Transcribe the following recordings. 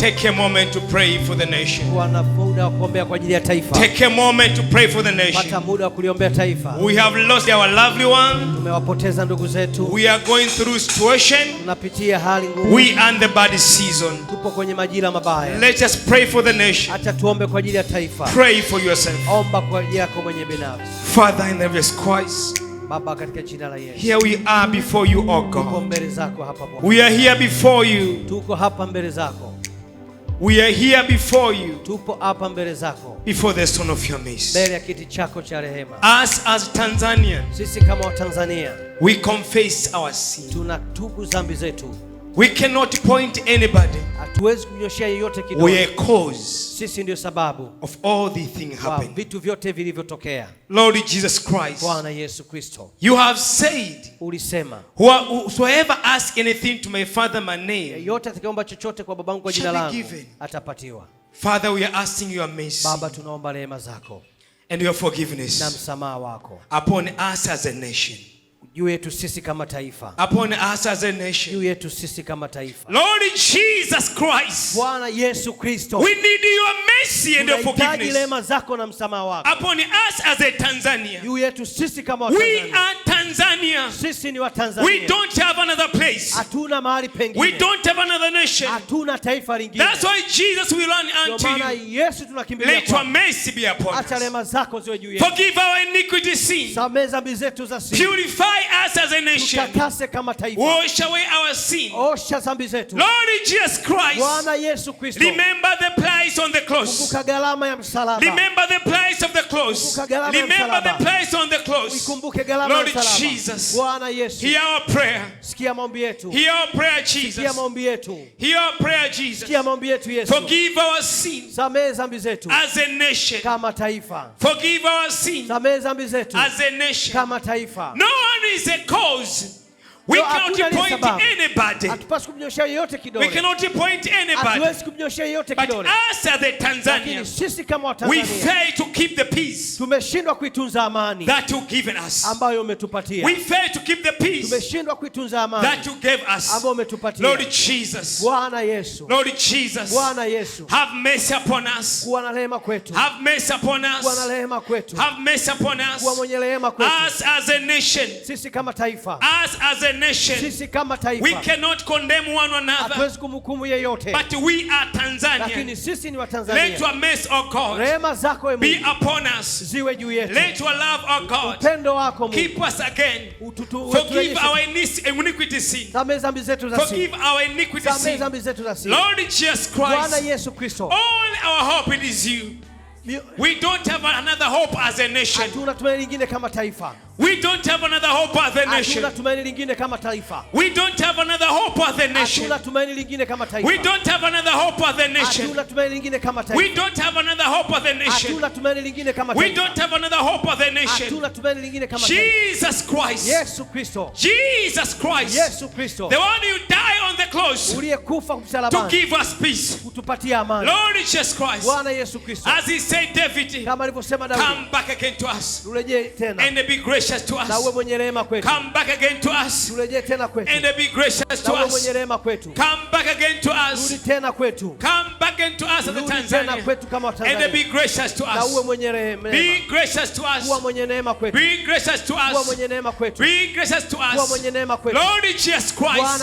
Take a moment to pray for the nation. Take a moment to pray for the nation. We have lost our lovely one. ndugu zetu. We are going through situation. We are in the bad season. kwenye majira mabaya. Let us pray for the nation. tuombe kwa ajili ya taifa. Pray for yourself. Omba Father in heaven Christ. Here we are before you, O God. We are here before you. Tuko hapa mbele zako. We are here before you. Tupo hapa mbele zako. Before the throne of your mercy. Mbele ya kiti chako cha rehema. Us as Tanzanian. Sisi kama Watanzania. We confess our sin. Tunatubu dhambi zetu. We cannot point anybody. Hatuwezi yeyote kidole. We are cause. Sisi ndio sababu. Of all the thing happening. Vitu vyote vilivyotokea. Lord Jesus Christ. Bwana Yesu Kristo. You have said. Ulisema. Whoever ask anything to my father my name. Yeyote atakayeomba chochote kwa babangu kwa jina langu atapatiwa. Father, we are asking your mercy. Baba tunaomba rehema zako. And your forgiveness. Na msamaha wako. Upon us as a nation juu yetu sisi kama taifa, upon us as a nation, juu yetu sisi kama taifa. Lord Jesus Christ, Bwana Yesu Kristo, we need your mercy and your forgiveness, tunahitaji rehema zako na msamaha wako upon us as a Tanzania, juu yetu sisi kama Watanzania. Tanzania. Sisi ni wa Tanzania. We don't have another place. Hatuna mahali pengine. We don't have another nation. Hatuna taifa lingine. That's why Jesus will run unto you. Maana Yesu tunakimbilia kwako. Let your mercy be upon us. Acha rehema zako ziwe juu yetu. Forgive our iniquity sin. Samehe dhambi zetu za sin. Purify us as a nation. Tutakase kama taifa. Wash away our sin. Osha dhambi zetu. Lord Jesus Christ. Bwana Yesu Kristo. Remember the price on the cross. Kumbuka gharama ya msalaba. Remember the price of the cross. Remember the price on the cross. Kumbuke gharama ya msalaba. Jesus. Bwana Yesu. Hear our prayer. Sikia maombi yetu. Hear our prayer Jesus. Sikia maombi yetu. Hear our prayer Jesus. Sikia maombi yetu Yesu. Forgive our sins. Samehe dhambi zetu. As a nation. Kama taifa. Forgive our sins. Samehe dhambi zetu. As a nation. Kama taifa. No one is a cause We cannot anybody. kumnyoshea yeyote kidole. We cannot anybody. Hatuwezi kumnyoshea yeyote kidole. But us the Tanzanians, sisi kama Watanzania, we fail to keep the peace. Tumeshindwa kuitunza amani that you given us. Ambayo umetupatia. We fail to keep the peace. Tumeshindwa kuitunza amani that you gave us. Ambayo umetupatia. Lord Jesus. Bwana Yesu. Lord Jesus. Bwana Yesu. Have mercy upon us. Kuwa na rehema kwetu. Have mercy upon us. Kuwa na rehema kwetu. Have mercy upon us. Kuwa mwenye rehema kwetu. Us as a nation. Sisi kama taifa. Us as a sisi kama taifa, we kumhukumu yeyote, lakini sisi ni watanzaniarehema Let zako e ziwe juu yetuupendo wako Mungu, zambi zetu za zetu za Lord Jesus Christ, Bwana Yesu Kristo, We don't have another hope as a nation. Hatuna tumaini lingine kama taifa. We don't have another hope as a nation. Hatuna tumaini lingine kama taifa. We don't have another hope as a nation. Hatuna tumaini lingine kama taifa. We don't have another hope as a nation. Hatuna tumaini lingine kama taifa. We don't have another hope as a nation. Hatuna tumaini lingine kama taifa. We don't have another hope as a nation. Hatuna tumaini lingine kama taifa. Jesus Christ. Yesu Kristo. Jesus Christ. Yesu Kristo. The one who died cross uliyekufa msalabani to kutupatia amani. Lord Jesus tena, and mwenye rehema kwetu. tena kwetu, rehema kwetu. tena kwetu, kwetu kama mwenye rehema, mwenye neema kwetu, mwenye neema kwetu, mwenye neema kwetu,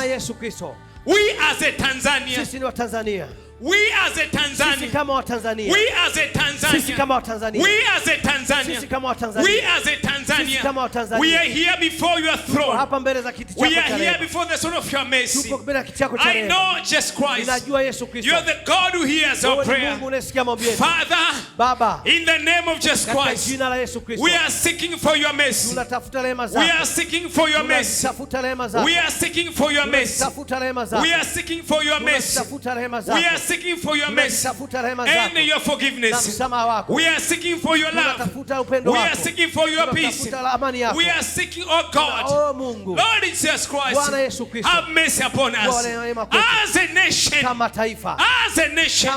Yesu Kristo. We as a Tanzania. Sisi ni wa Tanzania. We as a Tanzania. Sisi kama wa Tanzania. We as a Tanzania. Sisi wa Tanzania. We as a Tanzania. Sisi wa Tanzania. We as a Tanzania. Sisi wa Tanzania. We are here before your throne. mbele za We are here before the throne of your mercy. I know Jesus Christ. Yesu You are the God who hears our prayer. Father, Baba, in the name of Jesus Christ. jina la Yesu Kristo. We are seeking for your mercy. rehema We are seeking for your mercy. rehema We are seeking for your mercy. We are seeking for your mercy. seeking for your mercy and your forgiveness. We are seeking for your love. We are seeking for your peace. We are seeking, oh God, oh Lord Jesus Christ, have mercy upon us. As a nation, as a nation,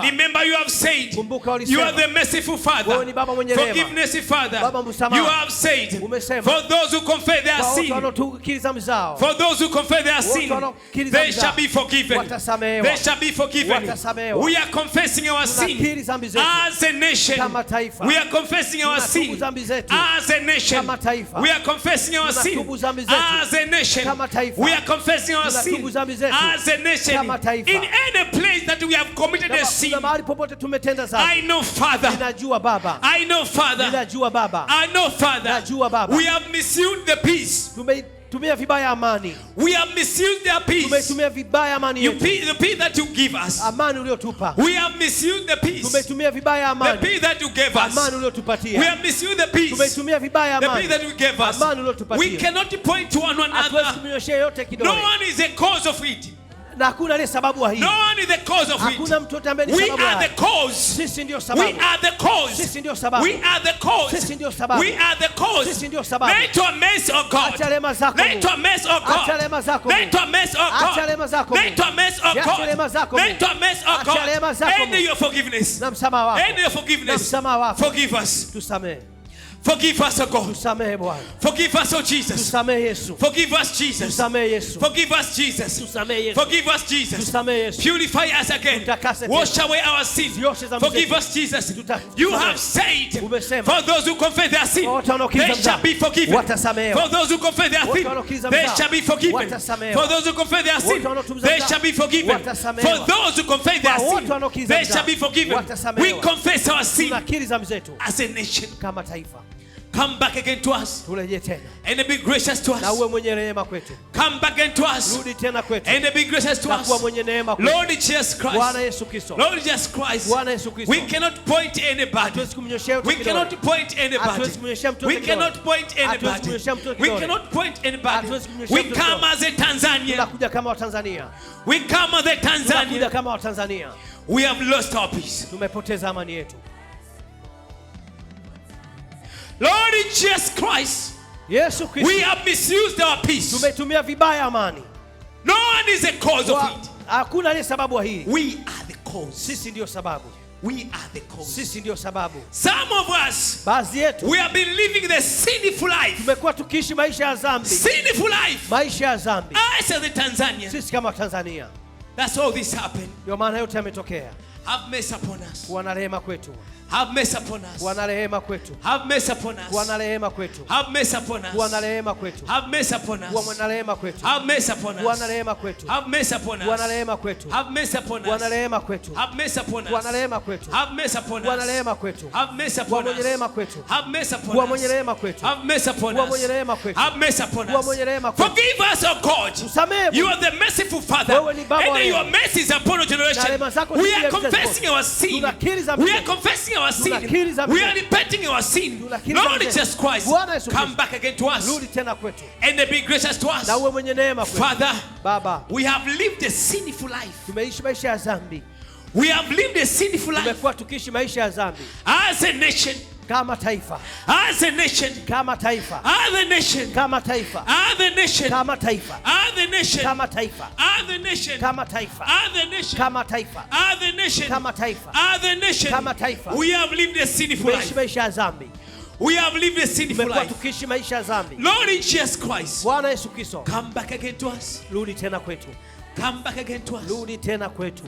remember you have said, you are the merciful Father, forgiveness Father. You have said, for those who confess their sin, for those who confess their sin, they shall be forgiven. They shall be forgiven. forgiven. We are confessing our sin as a nation. We are confessing our sin as a nation. We are confessing our sin as a nation. We are confessing our sin as a nation. In any place that we have committed a sin, I know Father. I know Father. I know Father. We have misused the peace tumetumia vibaya amani. We have misused their peace. Tumetumia vibaya amani. You peace, the peace that you give us. Amani uliyotupa. We have misused the peace. Tumetumia vibaya amani. The peace that you gave us. Amani uliyotupatia. We have misused the peace. Tumetumia vibaya amani. The peace that you gave us. Amani uliyotupatia. We cannot point to one another. No one is a cause of it na hakuna aliye sababu hii. No one is the cause of it. Hakuna mtu yote ambaye ni sababu. We are the cause. Sisi ndio sababu. We are the cause. Sisi ndio sababu. We are the cause. Sisi ndio sababu. We are the cause. Sisi ndio sababu. Let your mess of God. Acha lema zako. Let mess of God. Acha lema zako. Let mess of God. Acha lema zako. Let mess of God. Acha lema zako. Let mess of God. Acha lema zako. End your forgiveness. Na msamaha wako. End your forgiveness. Na msamaha wako. Forgive us. Tusamehe. Forgive us, O God. Forgive us, O Jesus. Forgive us, Jesus. Forgive us, Jesus. Forgive us, Jesus. Forgive us, Jesus. Purify us again. Wash away our sins. Forgive us, Jesus. You have said, for those who confess their sin, they shall be forgiven. For those who confess their sin, they shall be forgiven. For those who confess their sin, they shall be forgiven. For those who confess their sin, they shall be forgiven. We confess our sin as a nation. Kama taifa. Come back again to us. Turejee tena. And be gracious to us. Na uwe mwenye rehema kwetu. Come back again to us. Rudi tena kwetu. And be gracious to us. Na kuwa mwenye neema kwetu. Lord Jesus Christ. Bwana Yesu Kristo. Lord Jesus Christ. Bwana Yesu Kristo. We cannot point anybody. We cannot point anybody. We cannot point anybody. We cannot point anybody. We come as a Tanzanian. Tunakuja kama Watanzania. We come as a Tanzanian. Tunakuja kama Watanzania. We have lost our peace. Tumepoteza amani yetu. Lord Jesus Christ, Yesu Kristo, we have misused our peace. Tumetumia vibaya amani. No one is the cause of it. Hakuna aliye sababu ya We are the cause. Sisi ndio sababu. We are the cause. Sisi ndio sababu. Some of us, baadhi yetu, we have been living the sinful life. Tumekuwa tukiishi maisha ya dhambi. Sinful life. Maisha ya dhambi. As a Tanzanian. Sisi kama Tanzania. That's all this happened. Ndio maana yote yametokea. Have mercy upon us. Kuwa na rehema kwetu. Have mercy upon us. Bwana rehema kwetu. Bwana rehema kwetu. Bwana rehema kwetu. Bwana rehema kwetu. Bwana rehema kwetu. Bwana rehema kwetu. Bwana rehema kwetu. Bwana rehema kwetu. Bwana rehema kwetu. Bwana rehema kwetu. Bwana rehema kwetu. Bwana rehema kwetu. Bwana rehema kwetu. Forgive us, O God. You are the merciful Father. And your mercy is upon our generation. We are confessing our sin. We are confessing our our sin. We are repenting our sin. Lord Jesus Christ, come back again to us and be gracious to us. Father, Baba, we have lived a sinful life. We have lived a sinful life. tukiishi maisha As a nation, kama taifa as a nation, kama taifa as the nation, kama taifa as the nation, kama taifa as the nation, kama taifa as the nation, kama taifa as the nation, kama taifa as the nation, kama taifa as the nation, kama taifa. We have lived a sinful life, maisha ya dhambi. We have lived a sinful life. Tukiishi maisha ya dhambi. Lord Jesus Christ, Bwana Yesu Kristo, come back again to us, rudi tena kwetu, come back again to us, rudi tena kwetu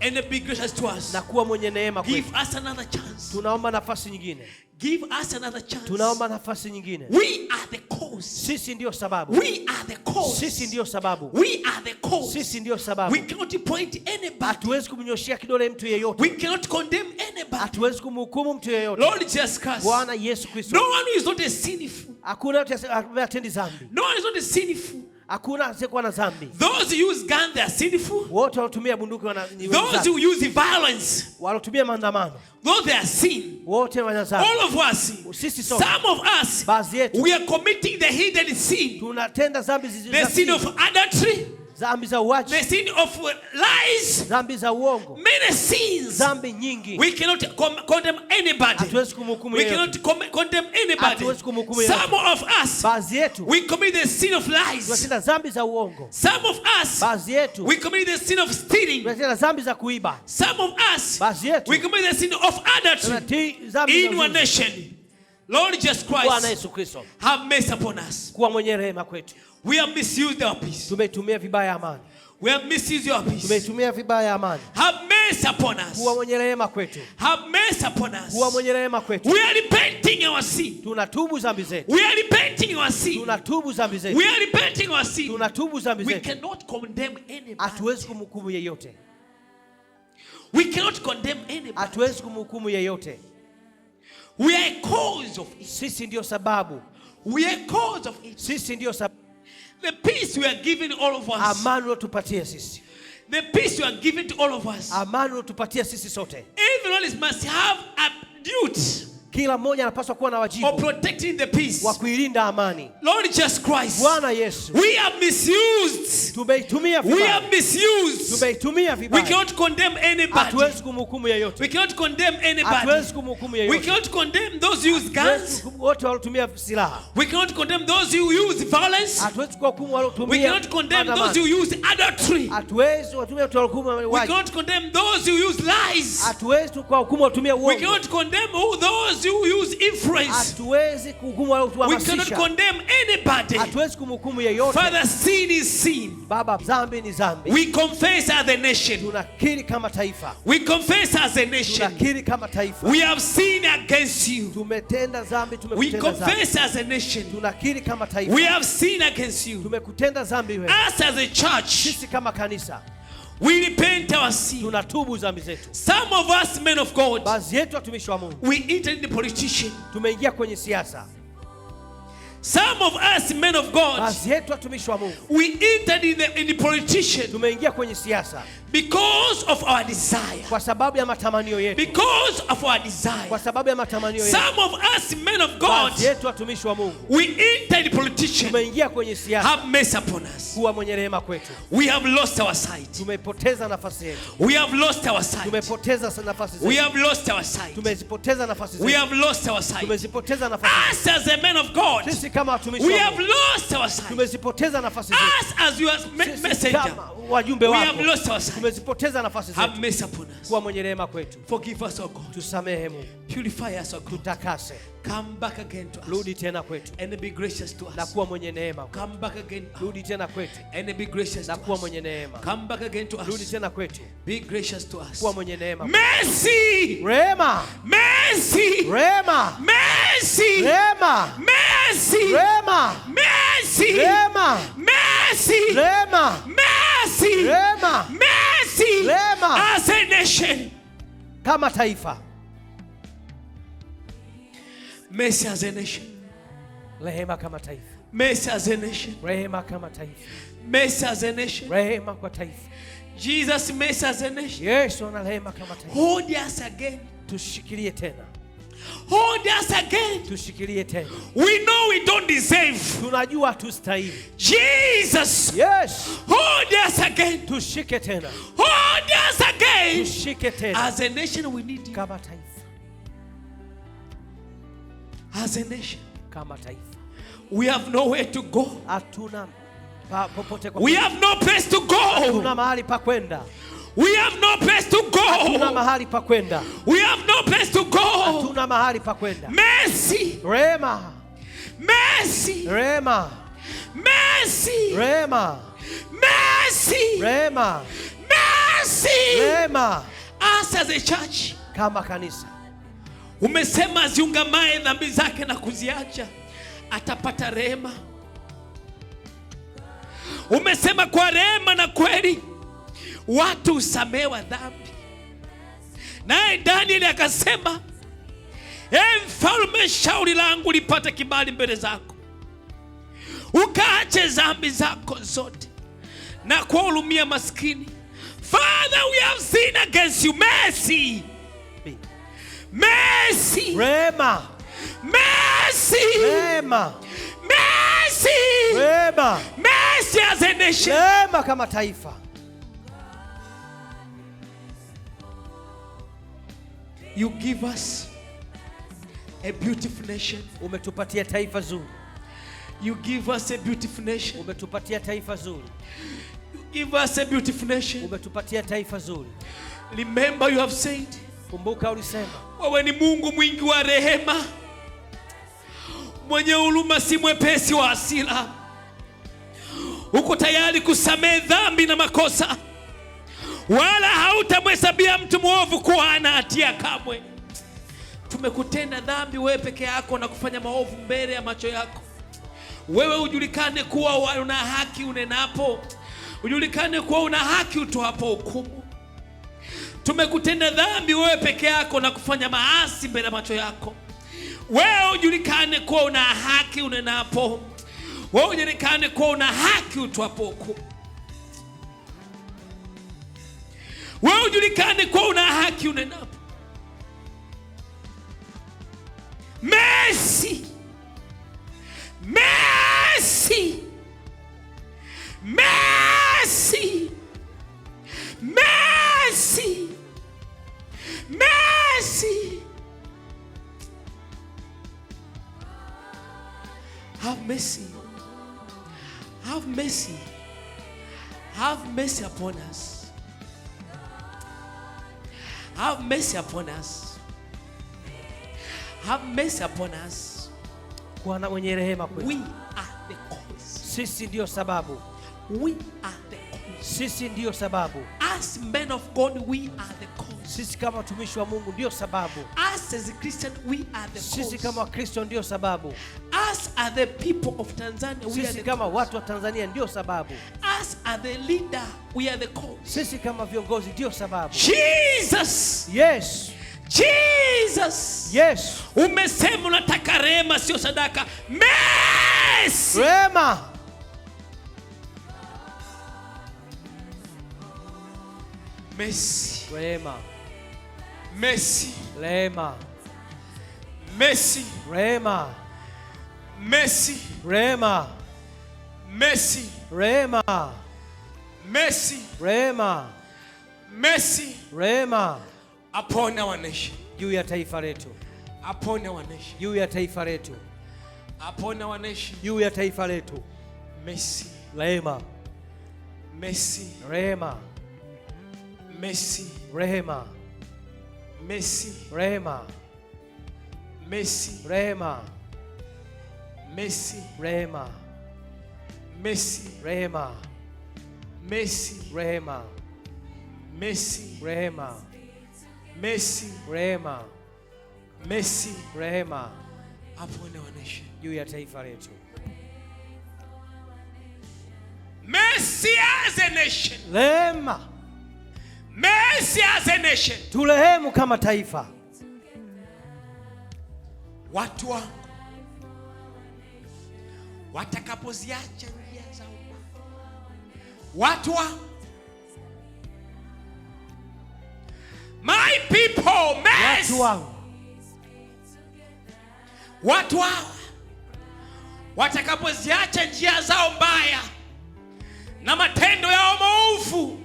and be gracious to us, na kuwa mwenye neema kwetu. Give us another chance, tunaomba nafasi nyingine. Give us another chance. Tunaomba nafasi nyingine. We are the cause. Sisi ndio sababu. We are the cause. Sisi ndio sababu. We are the cause. Sisi ndio sababu. We cannot point anybody. Hatuwezi kumnyoshia kidole mtu yeyote. We cannot condemn anybody. Hatuwezi kumhukumu mtu yeyote. Lord Jesus Christ. Bwana Yesu Kristo. No one is not a sinful. Hakuna mtu atendi dhambi. No one is not a sinful. Hakuna asiyekuwa na dhambi. Those who use gun they are sinful. Wote wanatumia bunduki Those who use violence. Wanatumia maandamano. Those are sin. Wote All of us. Some of us. yetu. We are committing the hidden sin. Tunatenda dhambi The sin of adultery. Dhambi za uachi. The sin of lies. Dhambi za uongo. Many sins. Dhambi nyingi. We cannot condemn anybody. Hatuwezi kumhukumu yeyote. We cannot condemn anybody. Hatuwezi kumhukumu yeyote. Some of us. Baadhi yetu. We commit the sin of lies. Tunatenda dhambi za uongo. Some of us. Baadhi yetu. We commit the sin of stealing. Tunatenda dhambi za kuiba. Some of us. Baadhi yetu. We commit the sin of adultery. In one nation. Lord Jesus Christ, have mercy upon us. We have misused our peace. We have misused your peace. Have mercy upon us. rehema Have mercy upon us. mwenye We are repenting our sin. We are repenting our sin. We are repenting our sin. We cannot condemn anybody. We cannot condemn anybody. We are cause of it. Sisi ndio sababu. We are cause of it. Sisi ndio sababu. The peace we are given all of us. Amani utupatia sisi. The peace you are giving to all of us. Amani utupatia sisi sote. Everyone must have a duty. Kila mmoja anapaswa kuwa na wajibu of protecting the peace. Wa kuilinda amani. Lord Jesus Christ. Bwana Yesu. We are misused. Tumeitumia vibaya. We are misused. Tumeitumia vibaya. We cannot condemn anybody. Hatuwezi kumhukumu yeyote. We cannot condemn anybody. Hatuwezi kumhukumu yeyote. We cannot condemn those who use guns. Wote walotumia silaha. We cannot condemn those who use violence. Hatuwezi kuwahukumu walotumia. We cannot condemn those who use adultery. Hatuwezi kuwatumia tuwahukumu wale. We cannot condemn those who use lies. Hatuwezi kuwahukumu walotumia uongo. We cannot condemn all those those who use influence. Hatuwezi kuhukumu wala We cannot condemn anybody. kumhukumu Father, sin is sin. ni dhambi. We confess as a nation. kama We confess as a nation. kama We have against you. We confess as a nation. kama We have against you. Us as a church. kama kanisa. We repent our sin. Tunatubu dhambi zetu. Some of us men of God. Baadhi yetu watumishi wa Mungu. We entered the politician. Tumeingia kwenye siasa. Some of us men of God. Baadhi yetu watumishi wa Mungu. We entered in the, in the politician. Tumeingia kwenye siasa. Because of our desire. Kwa sababu ya matamanio yetu. Because of our desire. Kwa sababu ya matamanio yetu. Some of us men of God. Baadhi Yetu watumishi wa Mungu. We entered politician. Tumeingia kwenye siasa. Have mercy upon us. Kuwa mwenye rehema kwetu. We have lost our sight. Tumepoteza nafasi yetu. We have lost our sight. Tumepoteza nafasi zetu. We have lost our sight. Tumezipoteza nafasi zetu. We have lost our sight. Tumezipoteza nafasi zetu. Us as a men of God. Sisi kama watumishi wa Mungu. We have lost our sight. Tumezipoteza nafasi zetu. Us as your messenger wajumbe wako, tumezipoteza nafasi zetu. Kuwa mwenye rehema kwetu, tusamehe Mungu, tutakase Rudi tena kwetu. Na kuwa mwenye neema. Rudi tena kwetu. Na kuwa mwenye neema. Rudi tena kwetu. Kuwa mwenye neema. Rema. Rema. Rema. Rema. Rema. Rema mercy, rema. Mercy rema. As a nation. Kama taifa mercy as a nation. Rehema kama taifa mercy as a nation. Rehema kama taifa mercy as a nation. Rehema kwa taifa Jesus mercy as a nation. Yesu ana rehema kama taifa. Hold us again. Tushikilie tena. Hold us again. Tushikilie tena. We know we don't deserve. Tunajua tustahili. Jesus. Yes. Hold us again. Tushike tena. Hold us again. Tushike tena. As a nation we need you. Kama taifa. As a nation. Kama taifa. We have nowhere to go. Hatuna popote kwa. We have no place to go. Hatuna mahali pa kwenda. We have no place to go. Hatuna mahali pa kwenda. We have no place to go. Hatuna mahali pa kwenda. Mercy. Merci. Rema. Merci. Rema. Merci. Rema. Merci. Rema. Us as a church. Kama kanisa. Umesema aziungamaye dhambi zake na kuziacha atapata rehema. Umesema kwa rehema na kweli watu usamewa dhambi, naye Danieli akasema Ee mfalme, shauri langu lipate kibali mbele zako, ukaache dhambi zako zote na kuwahurumia maskini. Father, we have sinned against you. Mercy. Mercy. Rema. Mercy. Rema. Mercy. Rema. Mercy as a nation. Rema kama taifa. You give us a beautiful nation. Umetupatia taifa zuri. You give us a beautiful nation. Umetupatia taifa zuri. You give us a beautiful nation. Umetupatia taifa zuri. Remember you have said. Kumbuka ulisema. Wewe ni Mungu mwingi wa rehema, mwenye huruma, si mwepesi wa hasira. Uko tayari kusamehe dhambi na makosa, wala hautamhesabia mtu mwovu kuwa ana hatia kamwe umekutenda dhambi wewe peke yako na kufanya maovu mbele ya macho yako. Wewe ujulikane kuwa una haki unenapo, ujulikane kuwa una haki utoapo hukumu. Tumekutenda dhambi wewe peke yako na kufanya maasi mbele ya macho yako. Wewe ujulikane kuwa una haki unenapo, wewe ujulikane kuwa una haki utoapo hukumu. Wewe ujulikane kuwa una haki unenapo Mercy. Mercy. Mercy. Mercy. Mercy. Have mercy. Have mercy. Have mercy upon us. Have mercy upon us. Have mercy upon us. Bwana mwenye rehema kwetu. We are the cause. Sisi ndio sababu. We are the cause. Sisi ndio sababu. As men of God, we are the cause. Sisi kama watumishi wa Mungu ndio sababu. As as a Christian, we are the cause. Sisi kama Wakristo ndio sababu. As are the people of Tanzania, we are the cause. Sisi kama watu wa Tanzania ndio sababu. As are the leader, we are the cause. Sisi kama viongozi ndio sababu. Jesus. Yes. Jesus. Yes. Umesema unataka rema sio sadaka. Mercy. Rema. Mercy. Rema. Mercy. Rema. Mercy. Rema. Mercy. Rema. Mercy. Rema. Mercy. Rema. Mercy. Rema. Apona wananchi juu ya taifa letu. Apona wananchi juu ya taifa letu. Apona wananchi juu ya taifa letu. Messi. Rehema. Messi. Rehema. Messi. Rehema. Messi. Rehema. Messi. Rehema. Messi. Rehema. Messi. Rehema. Messi. Rehema. Messi. Messi. Rehema. Rehema. Messi. Rehema. Mercy, rehema. Mercy, rehema apone nation. juu ya taifa letu. Mercy as a nation. Rehema. Mercy as a nation. Turehemu kama taifa. Watu wangu watakapoziacha njia za Watu wangu My people mess. Watu wao watu hao watakapoziacha njia zao mbaya na matendo yao maovu,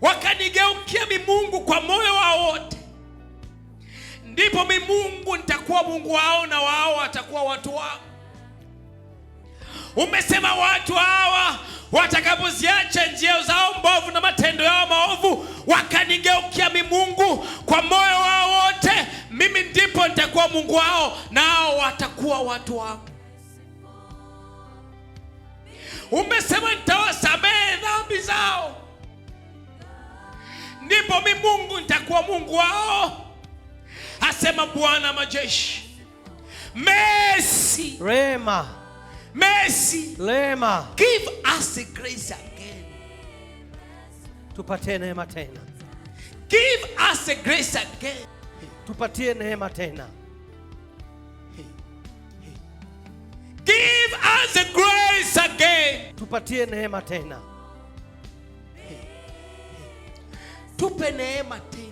wakanigeukia mimungu kwa moyo wao wote, ndipo mimungu nitakuwa Mungu wao na wao watakuwa watu wao Umesema watu hawa watakapoziacha njia zao mbovu na matendo yao maovu, wakanigeukia mimi Mungu kwa moyo wao wote, mimi ndipo nitakuwa Mungu wao, nao watakuwa watu wangu. Umesema nitawasamehe dhambi zao, ndipo mi Mungu nitakuwa Mungu wao, asema Bwana majeshi. Mercy, rema mercy. Lema. Give us the grace again. Tupatie neema tena. Give us the grace again. Tupatie neema tena. Give us the grace again. Tupatie neema tena. Tupe neema tena.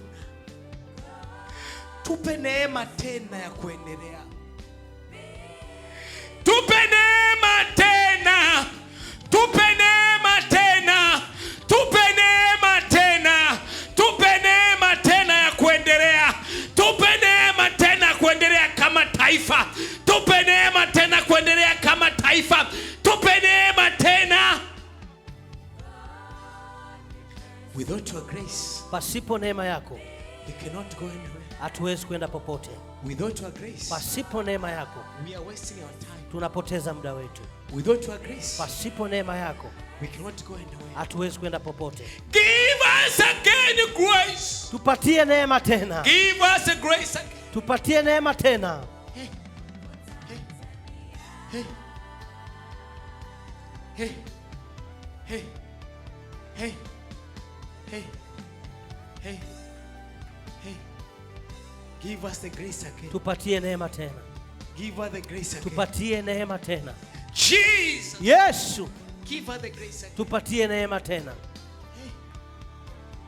Tupe neema tena ya kuendelea. Tupe neema Without your grace, pasipo neema yako we cannot go anywhere. Hatuwezi kwenda popote. Without your grace, pasipo neema yako we are wasting our time. Tunapoteza muda wetu. Without your grace, pasipo neema yako we cannot go anywhere. Hatuwezi kwenda popote. Give us again grace. Tupatie neema tena. Give us a grace again. Tupatie neema tena. Hey. Hey. Hey. Hey. Hey. Hey. Hey, hey, hey. Give us the grace again. Tupatie neema tena. Give her the grace again. Tupatie neema tena. Jesus. Yesu. Give her the grace again. Tupatie neema tena.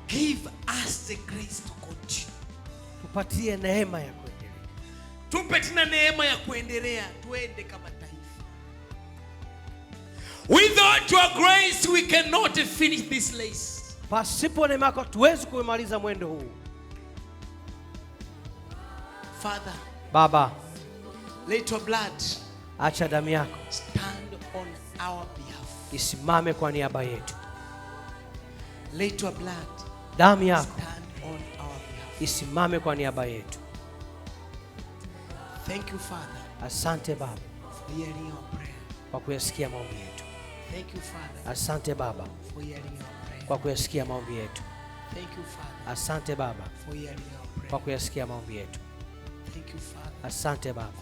Give us the grace to continue. Tupatie neema ya kuendelea. Tupe tena neema ya kuendelea, tuende kama taifa. Without your grace we cannot finish this race. Pasipo neema yako hatuwezi kumaliza mwendo huu. Father, Baba, let your blood, acha damu yako stand on our behalf, isimame kwa niaba yetu. Let your blood, damu yako stand on our behalf, isimame kwa niaba yetu. Thank you Father, asante Baba for hearing your prayer, kwa kuyasikia maombi yetu. Thank you Father, asante Baba for hearing your prayer kwa kuyasikia maombi yetu. Asante Baba kwa kuyasikia maombi yetu. Asante Baba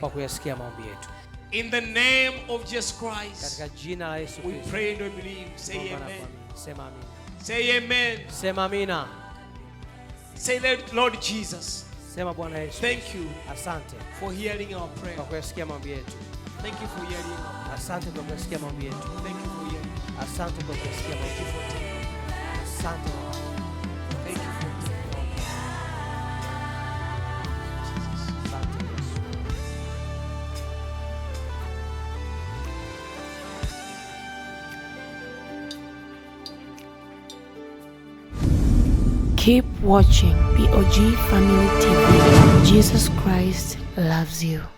kwa kuyasikia maombi yetu. In the name of Jesus Christ. Katika jina la Yesu Kristo. We pray and we believe. Say amen. Sema amen. Say amen. Sema amina. Say Lord Jesus. Sema Bwana Yesu. Thank you. Asante for hearing our prayer. Kwa kuyasikia maombi yetu. Thank you for hearing. Asante kwa kuyasikia maombi yetu. Thank you. Asante kwa kusikia majibu. Asante. Keep watching POG Family TV. Jesus Christ loves you.